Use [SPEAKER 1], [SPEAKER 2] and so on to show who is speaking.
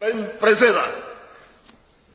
[SPEAKER 1] Ön prezeda.